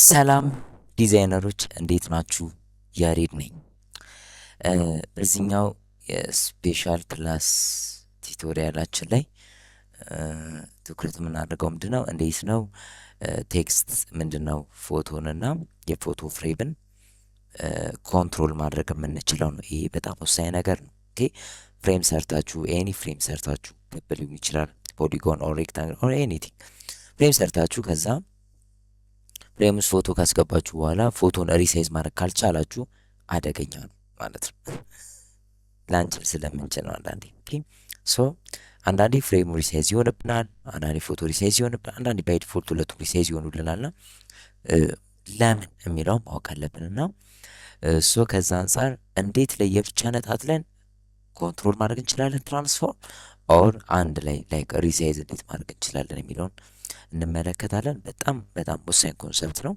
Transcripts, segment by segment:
ሰላም ዲዛይነሮች እንዴት ናችሁ? ያሬድ ነኝ። በዚህኛው የስፔሻል ክላስ ቲቶሪያላችን ላይ ትኩረት የምናደርገው ምንድን ነው፣ እንዴት ነው ቴክስት ምንድን ነው ፎቶንና የፎቶ ፍሬምን ኮንትሮል ማድረግ የምንችለው ነው። ይሄ በጣም ወሳኝ ነገር ነው። ኦኬ ፍሬም ሰርታችሁ ኤኒ ፍሬም ሰርታችሁ ገብ ሊሆን ይችላል ፖሊጎን ኦር ሬክታንግል ኦር ኤኒቲንግ ፍሬም ሰርታችሁ ከዛም ሬምስ ፎቶ ካስገባችሁ በኋላ ፎቶን ሪሳይዝ ማድረግ ካልቻላችሁ አደገኛ ነው ማለት ነው። ላንችል ስለምንችል ነው አንዳንዴ ሶ አንዳንዴ ፍሬሙ ሪሳይዝ ይሆንብናል፣ አንዳንዴ ፎቶ ሪሳይዝ ይሆንብናል፣ አንዳንዴ ባይ ሁለቱ ሁለቱም ሪሳይዝ ይሆኑልናልና ለምን የሚለው ማወቅ አለብንና እሱ ከዛ አንጻር እንዴት ለየብቻ ነጣጥለን ኮንትሮል ማድረግ እንችላለን ትራንስፎርም ኦር አንድ ላይ ላይክ ሪሳይዝ እንዴት ማድረግ እንችላለን የሚለውን እንመለከታለን። በጣም በጣም ወሳኝ ኮንሰፕት ነው።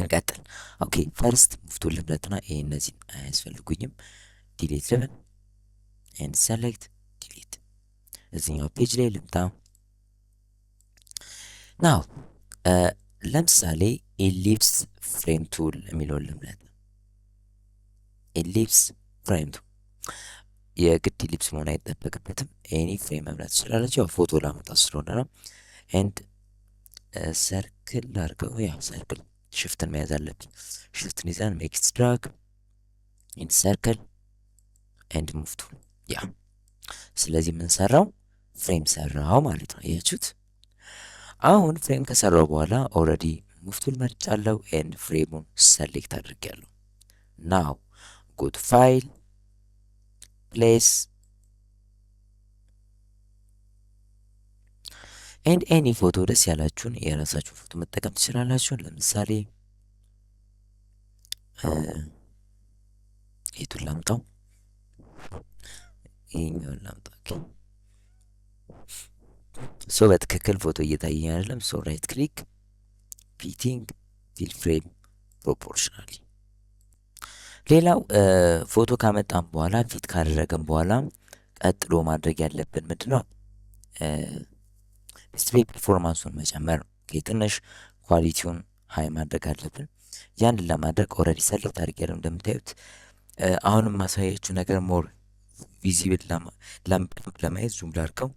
እንቀጥል። ኦኬ ፈርስት ሙቭ ቱል ልምረጥና ይህ እነዚህን አያስፈልጉኝም ዲሌት ልበል ኤንድ ሴሌክት ዲሌት። እዚኛው ፔጅ ላይ ልምጣ። ናው ለምሳሌ ኤሊፕስ ፍሬም ቱል የሚለውን ልምረጥ። ኤሊፕስ ፍሬም ቱል የግድ ኤሊፕስ መሆን አይጠበቅበትም። ኤኒ ፍሬም መምረጥ ትችላለች። ያው ፎቶ ላመጣ ስለሆነ ነው። ኤንድ ሰርክል uh, ላድርገው። ያው ሰርክል ሽፍትን መያዝ አለብኝ። ሽፍትን ይዘን ሜክስ ድራግ ኤንድ ሰርክል ኤንድ ሙፍቱ ያ ስለዚህ የምንሰራው ፍሬም ሰራው ማለት ነው። ያችሁት አሁን ፍሬም ከሰራው በኋላ ኦልሬዲ ሙፍቱን መርጫለሁ ኤንድ ፍሬሙን ሰሌክት አድርጌያለሁ። ናው ጎት ፋይል ፕሌስ ኤንድ ኤኒ ፎቶ ደስ ያላችሁን የራሳችሁን ፎቶ መጠቀም ትችላላችሁ። ለምሳሌ የቱን ላምጣው? ይህኛውን ላምጣ። ሶ በትክክል ፎቶ እየታየኝ አይደለም። ሶ ራይት ክሊክ ፊቲንግ ፊል ፍሬም ፕሮፖርሽናሊ። ሌላው ፎቶ ካመጣም በኋላ ፊት ካደረገም በኋላ ቀጥሎ ማድረግ ያለብን ነው? ዲስፕሌይ ፐርፎርማንሱን መጨመር ነው። ትንሽ ኳሊቲውን ሀይ ማድረግ አለብን። ያን ለማድረግ ኦልሬዲ ሰሌክት አድርጌያለሁ እንደምታዩት። አሁንም ማሳያችሁ ነገር ሞር ቪዚብል ለማየት ዙም ላድርገው።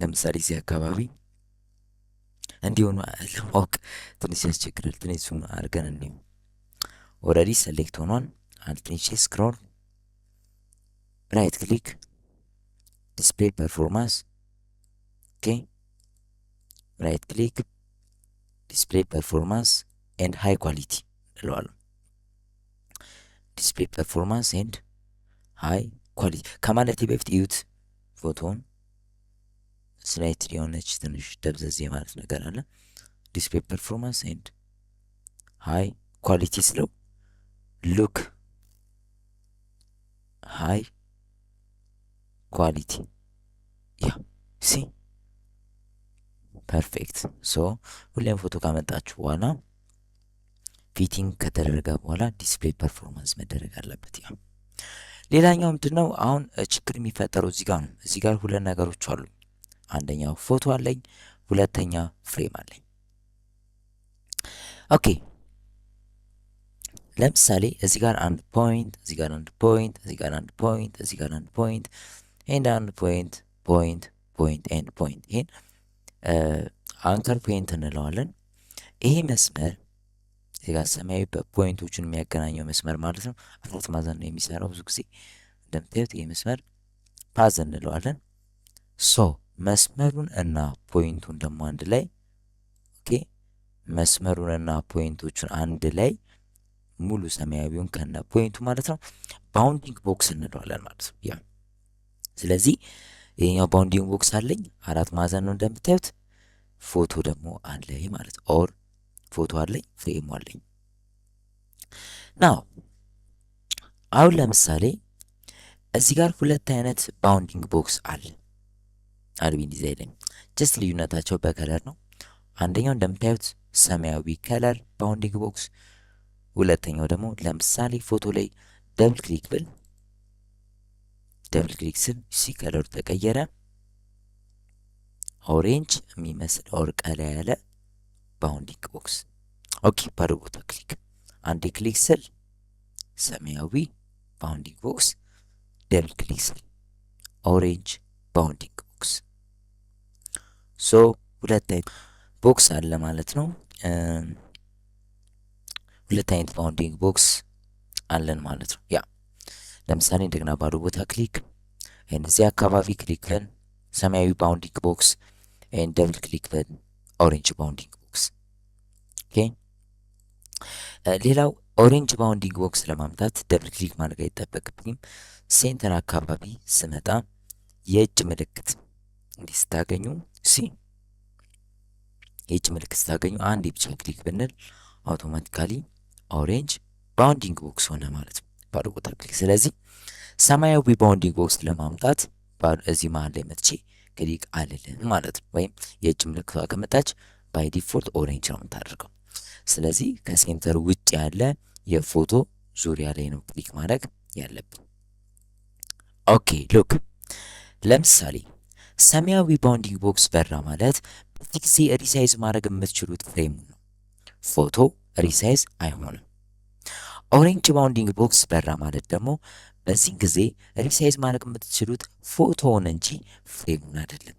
ለምሳሌ እዚህ አካባቢ እንዲሆኑ ለማወቅ ትንሽ ያስቸግራል። ትንሽ ዙም አድርገን እንዲሁ ኦልሬዲ ሰሌክት ሆኗል። አንድ ትንሽ ስክሮል ራይት ክሊክ ዲስፕሌይ ፐርፎርማንስ okay right click display performance and high quality እለዋለሁ። ዲስፕሌይ ፐርፎርማንስ ኤንድ ሃይ ኳሊቲ ከማለቴ በፊት እዩት ፎቶውን። ስላይት የሆነች ትንሽ ደብዘዝ የማለት ነገር አለ። ዲስፕሌይ ፐርፎርማንስ ኤንድ ሃይ ኳሊቲ ስለው ሉክ ሃይ ኳሊቲ ያ ሲ ፐርፌክት። ሶ ሁሌም ፎቶ ካመጣችሁ በኋላ ፊቲንግ ከተደረገ በኋላ ዲስፕሌይ ፐርፎርማንስ መደረግ አለበት። ያ ሌላኛው ምንድነው አሁን ችግር የሚፈጠረው እዚህ ጋር ነው። እዚህ ጋር ሁለት ነገሮች አሉ። አንደኛው ፎቶ አለኝ፣ ሁለተኛ ፍሬም አለኝ። ኦኬ ለምሳሌ እዚህ ጋር አንድ ፖይንት፣ እዚህ ጋር አንድ ፖይንት፣ እዚህ ጋር አንድ ፖይንት፣ እዚህ ጋር አንድ ፖይንት፣ ኤንድ አንድ ፖይንት፣ ፖይንት፣ ፖይንት፣ ኤንድ ፖይንት ይሄን አንከር ፖይንት እንለዋለን። ይሄ መስመር ዜጋ ሰማያዊ ፖይንቶቹን የሚያገናኘው መስመር ማለት ነው። አራት ማዕዘን ነው የሚሰራው ብዙ ጊዜ እንደምታዩት። ይህ መስመር ፓዝ እንለዋለን። ሶ መስመሩን እና ፖይንቱን ደግሞ አንድ ላይ ኦኬ፣ መስመሩን እና ፖይንቶቹን አንድ ላይ ሙሉ ሰማያዊውን ከነ ፖይንቱ ማለት ነው ባውንዲንግ ቦክስ እንለዋለን ማለት ነው ያ ስለዚህ ይሄኛው ባውንዲንግ ቦክስ አለኝ አራት ማዕዘን ነው እንደምታዩት። ፎቶ ደግሞ አለኝ ማለት ኦር ፎቶ አለኝ ፍሬም አለኝ። ናው አሁን ለምሳሌ እዚህ ጋር ሁለት አይነት ባውንዲንግ ቦክስ አለ አርቢን ዲዛይን ላይ ጀስት ልዩነታቸው በከለር ነው። አንደኛው እንደምታዩት ሰማያዊ ከለር ባውንዲንግ ቦክስ፣ ሁለተኛው ደግሞ ለምሳሌ ፎቶ ላይ ደብል ክሊክ ብል ደብል ክሊክ ስል ሲ ከለሩ ተቀየረ። ኦሬንጅ የሚመስል ኦር ቀላ ያለ ባውንዲንግ ቦክስ ኦኬ። ባዶ ቦታ ክሊክ አንዴ ክሊክ ስል ሰማያዊ ባውንዲንግ ቦክስ ደብል ክሊክ ስል ኦሬንጅ ባውንዲንግ ቦክስ ሶ ሁለት አይነት ቦክስ አለ ማለት ነው። ሁለት አይነት ባውንዲንግ ቦክስ አለን ማለት ነው ያ ለምሳሌ እንደገና ባዶ ቦታ ክሊክ ኤንድ እዚህ አካባቢ ክሊክ ብለን ሰማያዊ ባውንዲንግ ቦክስ ኤንድ ደብል ክሊክ ብለን ኦሬንጅ ባውንዲንግ ቦክስ ኦኬ። ሌላው ኦሬንጅ ባውንዲንግ ቦክስ ለማምጣት ደብል ክሊክ ማድረግ አይጠበቅብኝም። ሴንተር አካባቢ ስመጣ የእጅ ምልክት እንዲህ ስታገኙ ሲ የእጅ ምልክት ስታገኙ አንድ የብቻ ክሊክ ብንል አውቶማቲካሊ ኦሬንጅ ባውንዲንግ ቦክስ ሆነ ማለት ነው። አድርጎታል። ስለዚህ ሰማያዊ ባውንዲንግ ቦክስ ለማምጣት እዚህ መሀል ላይ መጥቼ ክሊክ አልልም ማለት ነው። ወይም የእጅ ምልክቷ ከመጣች ባይ ዲፎልት ኦሬንጅ ነው የምታደርገው። ስለዚህ ከሴንተር ውጭ ያለ የፎቶ ዙሪያ ላይ ነው ክሊክ ማድረግ ያለብን። ኦኬ ሉክ ለምሳሌ ሰማያዊ ባውንዲንግ ቦክስ በራ ማለት በዚህ ጊዜ ሪሳይዝ ማድረግ የምትችሉት ፍሬም ነው። ፎቶ ሪሳይዝ አይሆንም። ኦሬንጅ ባውንዲንግ ቦክስ በራ ማለት ደግሞ በዚህ ጊዜ ሪሳይዝ ማድረግ የምትችሉት ፎቶውን እንጂ ፍሬሙን አይደለም።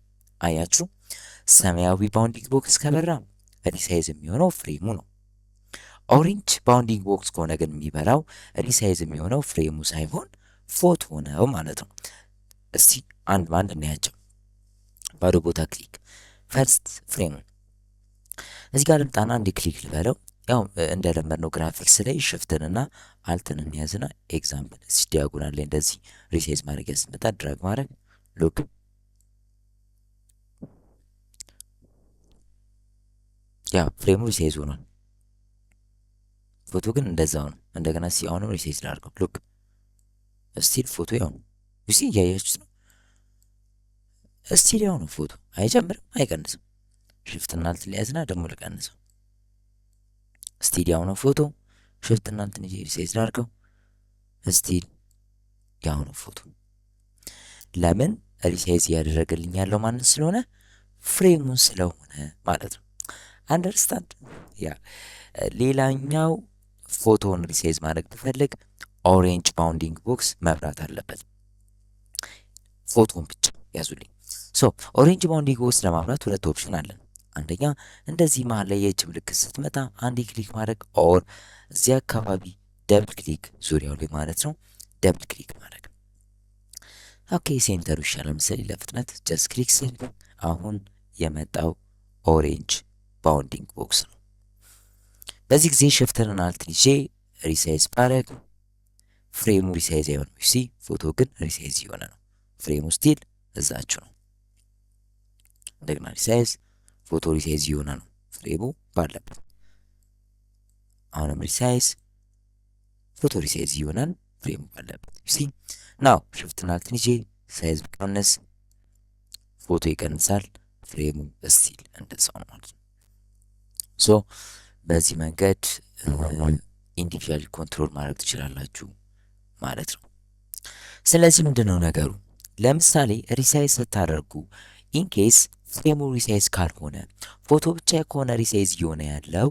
አያችሁ፣ ሰማያዊ ባውንዲንግ ቦክስ ከበራ ሪሳይዝ የሚሆነው ፍሬሙ ነው። ኦሬንጅ ባውንዲንግ ቦክስ ከሆነ ግን የሚበራው ሪሳይዝ የሚሆነው ፍሬሙ ሳይሆን ፎቶ ነው ማለት ነው። እስቲ አንድ በአንድ እናያቸው። ባዶ ቦታ ክሊክ ፈርስት ፍሬሙን እዚህ ጋር ልምጣና አንድ ክሊክ ልበለው ያው እንደለመድነው ግራፊክስ ላይ ሽፍትን ሽፍትንና አልትን እንያዝና ኤግዛምፕል እዚህ ዲያጎናል ላይ እንደዚህ ሪሳይዝ ማድረግ ያስመጣ ድራግ ማድረግ ሉክ ያ ፍሬሙ ሪሳይዝ ሆኗል። ፎቶ ግን እንደዛው ነው። እንደገና ሲ አሁንም ሪሳይዝ ላድርገው። ሉክ ስቲል ፎቶ ያው ነው። እስኪ እያያችሁት ነው። ስቲል ያው ነው ፎቶ አይጨምርም፣ አይቀንስም። ሽፍትና አልት ሊያዝና ደግሞ ልቀንሰው ስቲል ያው ነው ፎቶ ሽፍት እና እንትን ሪሳይዝ ላድርገው። ስቲል ያው ነው ፎቶ። ለምን ሪሳይዝ እያደረገልኝ ያለው ማነት ስለሆነ ፍሬሙን ስለሆነ ማለት ነው። አንደርስታንድ ያ ሌላኛው ፎቶውን ሪሳይዝ ማድረግ ብፈልግ ኦሬንጅ ባውንዲንግ ቦክስ መብራት አለበት። ፎቶን ብቻ ያዙልኝ። ሶ ኦሬንጅ ባውንዲንግ ቦክስ ለማብራት ሁለት ኦፕሽን አለን። አንደኛ እንደዚህ መሀል ላይ የእጅ ምልክት ስትመጣ አንድ ክሊክ ማድረግ ኦር እዚህ አካባቢ ደብል ክሊክ ዙሪያው ላይ ማለት ነው ደብል ክሊክ ማድረግ ኦኬ ሴንተሩ ይሻላል ምስል ለፍጥነት ጀስት ክሊክ ስል አሁን የመጣው ኦሬንጅ ባውንዲንግ ቦክስ ነው በዚህ ጊዜ ሽፍትንን አልትን ይዤ ሪሳይዝ ባረግ ፍሬሙ ሪሳይዝ አይሆንም ሲ ፎቶ ግን ሪሳይዝ የሆነ ነው ፍሬሙ ስቲል እዛችሁ ነው እንደገና ሪሳይዝ ፎቶ ሪሳይዝ የሆነ ነው ፍሬሙ ባለበት። አሁንም ሪሳይዝ ፎቶ ሪሳይዝ ይሆናል ፍሬሙ ባለበት። ሲ ናው ሽፍትና አልትን ይዤ ሳይዝ ቢቀንስ ፎቶ ይቀንሳል ፍሬሙ እስቲል እንደዛው ነው ማለት ነው። ሶ በዚህ መንገድ ኢንዲቪዥዋል ኮንትሮል uh, ማድረግ ትችላላችሁ ማለት ነው። ስለዚህ ምንድን ነው ነገሩ? ለምሳሌ ሪሳይዝ ስታደርጉ ኢንኬስ ፍሬሙ ሪሳይዝ ካልሆነ ፎቶ ብቻ ከሆነ ሪሳይዝ እየሆነ ያለው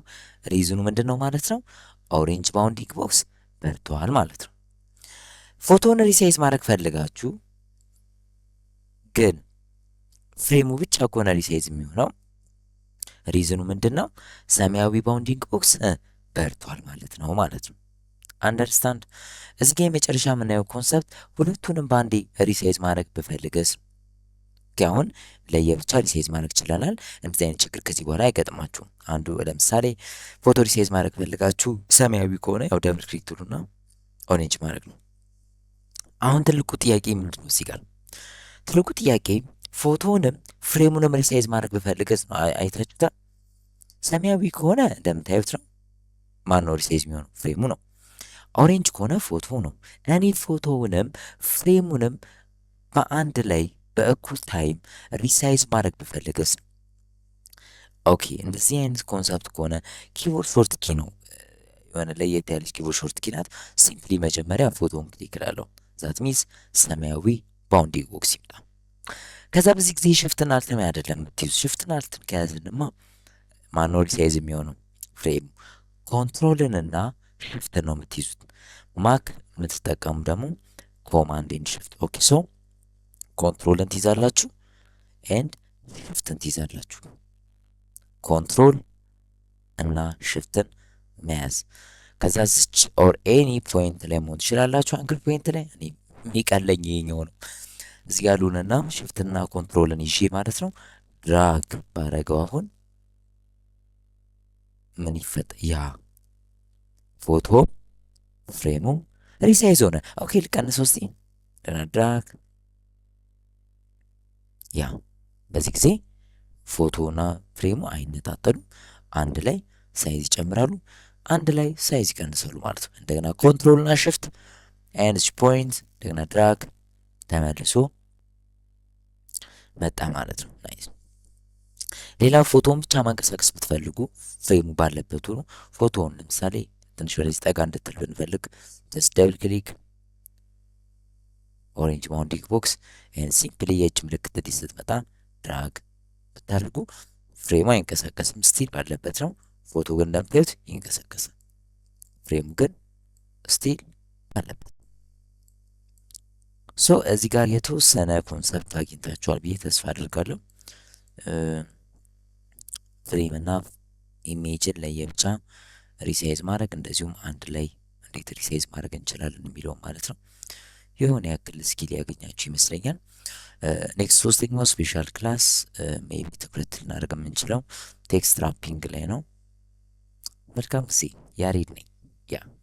ሪዝኑ ምንድን ነው ማለት ነው? ኦሬንጅ ባውንዲንግ ቦክስ በርቷል ማለት ነው። ፎቶን ሪሳይዝ ማድረግ ፈልጋችሁ ግን ፍሬሙ ብቻ ከሆነ ሪሳይዝ የሚሆነው ሪዝኑ ምንድን ነው? ሰማያዊ ባውንዲንግ ቦክስ በርቷል ማለት ነው ማለት ነው። አንደርስታንድ። እዚህ ጋ የመጨረሻ የምናየው ኮንሰፕት ሁለቱንም በአንዴ ሪሳይዝ ማድረግ ብፈልገስ አሁን ለየብቻ ሪሳይዝ ማድረግ ችለናል። እንደዚህ አይነት ችግር ከዚህ በኋላ አይገጥማችሁም። አንዱ ለምሳሌ ፎቶ ሪሳይዝ ማድረግ ፈልጋችሁ ሰማያዊ ከሆነ ያው ደብል ክሊክ ትሉና ኦሬንጅ ማድረግ ነው። አሁን ትልቁ ጥያቄ ምንድን ነው? እዚህ ጋር ትልቁ ጥያቄ ፎቶንም ፍሬሙንም ሪሳይዝ ማድረግ ብፈልገስ ነው። አይታችሁታ ሰማያዊ ከሆነ እንደምታዩት ነው። ማን ነው ሪሳይዝ የሚሆነው? ፍሬሙ ነው። ኦሬንጅ ከሆነ ፎቶ ነው። እኔ ፎቶውንም ፍሬሙንም በአንድ ላይ በእኩል ታይም ሪሳይዝ ማድረግ ብፈልግስ? ኦኬ እንደዚህ አይነት ኮንሰፕት ከሆነ ኪቦርድ ሾርት ኪ ነው የሆነ ለየት ያለች ኪቦርድ ሾርት ኪ ናት። ሲምፕሊ መጀመሪያ ፎቶን ክሊክ እላለሁ። ዛት ሚንስ ሰማያዊ ባውንዲንግ ቦክስ ይምጣ። ከዛ በዚህ ጊዜ ሽፍትን አልትም አይደለም የምትይዙ። ሽፍትን አልትም ከያዝንማ ማነው ሪሳይዝ የሚሆነው ፍሬም ኮንትሮልንና ሽፍትን ነው የምትይዙት። ማክ የምትጠቀሙ ደግሞ ኮማንድ ኤንድ ሽፍት ኦኬ ሶ ኮንትሮልን ትይዛላችሁ ኤንድ ሽፍትን ትይዛላችሁ። ኮንትሮል እና ሽፍትን መያዝ ከዛ ዝች ኦር ኤኒ ፖይንት ላይ መሆን ትችላላችሁ። አንግል ፖይንት ላይ እኔ የሚቀለኝ ይሄኛው ነው። እዚህ ያሉንና ሽፍትና ኮንትሮልን ይዤ ማለት ነው ድራግ ባረገው አሁን ምን ይፈጥ ያ ፎቶ ፍሬሙ ሪሳይዝ ሆነ። ኦኬ ልቀንስ ውስጥ ድራግ ያ በዚህ ጊዜ ፎቶና ፍሬሙ አይነጣጠሉም። አንድ ላይ ሳይዝ ይጨምራሉ፣ አንድ ላይ ሳይዝ ይቀንሳሉ ማለት ነው። እንደገና ኮንትሮልና ሽፍት ኤንድ ፖይንት እንደገና ድራግ ተመልሶ መጣ ማለት ነው። ናይስ። ሌላ ፎቶን ብቻ ማንቀሳቀስ ብትፈልጉ ፍሬሙ ባለበት ሆኖ ፎቶውን ለምሳሌ ትንሽ ወደዚህ ጠጋ እንድትል ብንፈልግ ደብል ክሊክ ኦሬንጅ ባውንዲንግ ቦክስ ሲምፕሊ የእጅ ምልክት እዚህ ስትመጣ ድራግ ብታደርጉ ፍሬሙ አይንቀሳቀስም፣ ስቲል ባለበት ነው። ፎቶ ግን እንደምታዩት ይንቀሳቀሳል። ፍሬሙ ግን ስቲል አለበት። ሶ እዚህ ጋር የተወሰነ ኮንሰፕት አግኝታችኋል ብዬ ተስፋ አድርጋለሁ። ፍሬም እና ኢሜጅን ለየብቻ ሪሳይዝ ማድረግ እንደዚሁም አንድ ላይ እንዴት ሪሳይዝ ማድረግ እንችላለን የሚለውን ማለት ነው። የሆነ ያክል ስኪል ያገኛችሁ ይመስለኛል። ኔክስት ሶስተኛው ስፔሻል ክላስ ሜቢ ትኩረት ልናደርግ የምንችለው ቴክስት ራፒንግ ላይ ነው። መልካም ጊዜ። ያሬድ ነኝ ያ